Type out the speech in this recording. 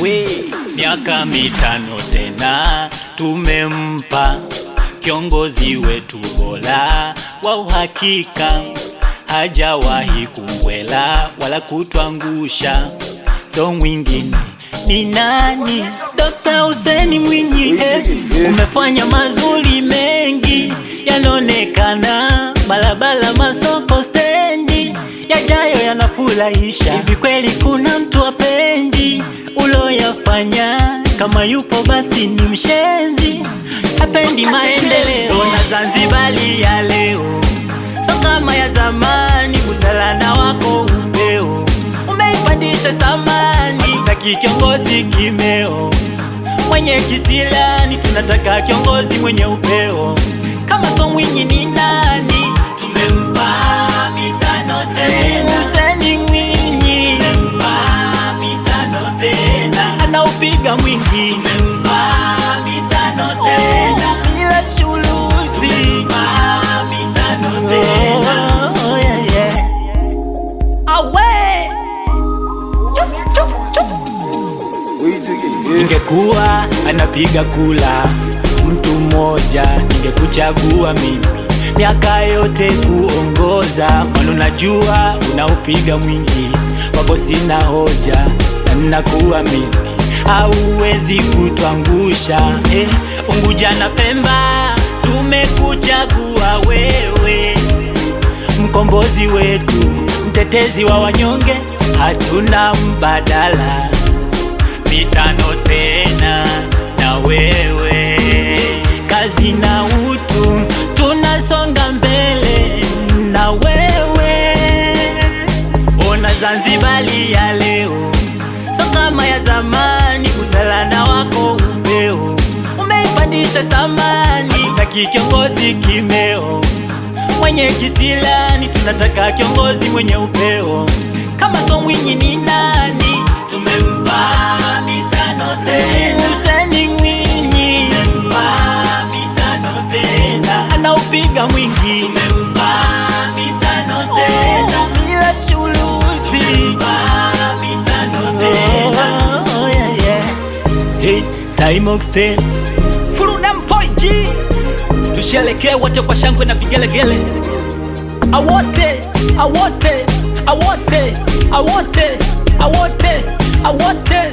we, miaka mitano tena tumempa kiongozi wetu bora wa uhakika, hajawahi kungwela wala kutwangusha. So mwingine ni nani? dokta useni Mwinyi, eh. umefanya mazuri mengi yanaonekana, barabara, masoko, stendi, yajayo yanafurahisha. Hivi kweli kuna mtu apendi? kufanya kama yupo basi ni mshenzi, hapendi maendeleo na Zanzibari ya leo so kama ya zamani. Usalana wako upeo umeipandisha thamani, taki kiongozi kimeo mwenye kisilani, tunataka kiongozi mwenye upeo. Kama so Mwinyi ni nani? tumepiga mwingi, tumempa oh, anapiga kula mtu mmoja, ningekuchagua mimi miaka yote kuongoza, mano najua unaupiga mwingi wako, sina hoja na mimi hauwezi kutwangusha eh, Unguja na Pemba tumekuchagua wewe, mkombozi wetu, mtetezi wa wanyonge, hatuna mbadala. Mitano tena na wewe, kazi na utu, tunasonga mbele na wewe. Ona Zanzibari ya leo songa maya zamani. kuonyesha samani, taki kiongozi kimeo, mwenye kisilani, tunataka kiongozi mwenye upeo. Kama so Mwinyi ni nani? Tumempa mitano tena. Mwinyi tumempa mitano tena, anaupiga mwingi. time of oh, oh, Tusherekee wote kwa shangwe na vigelegele, awote awote awote awote awote awote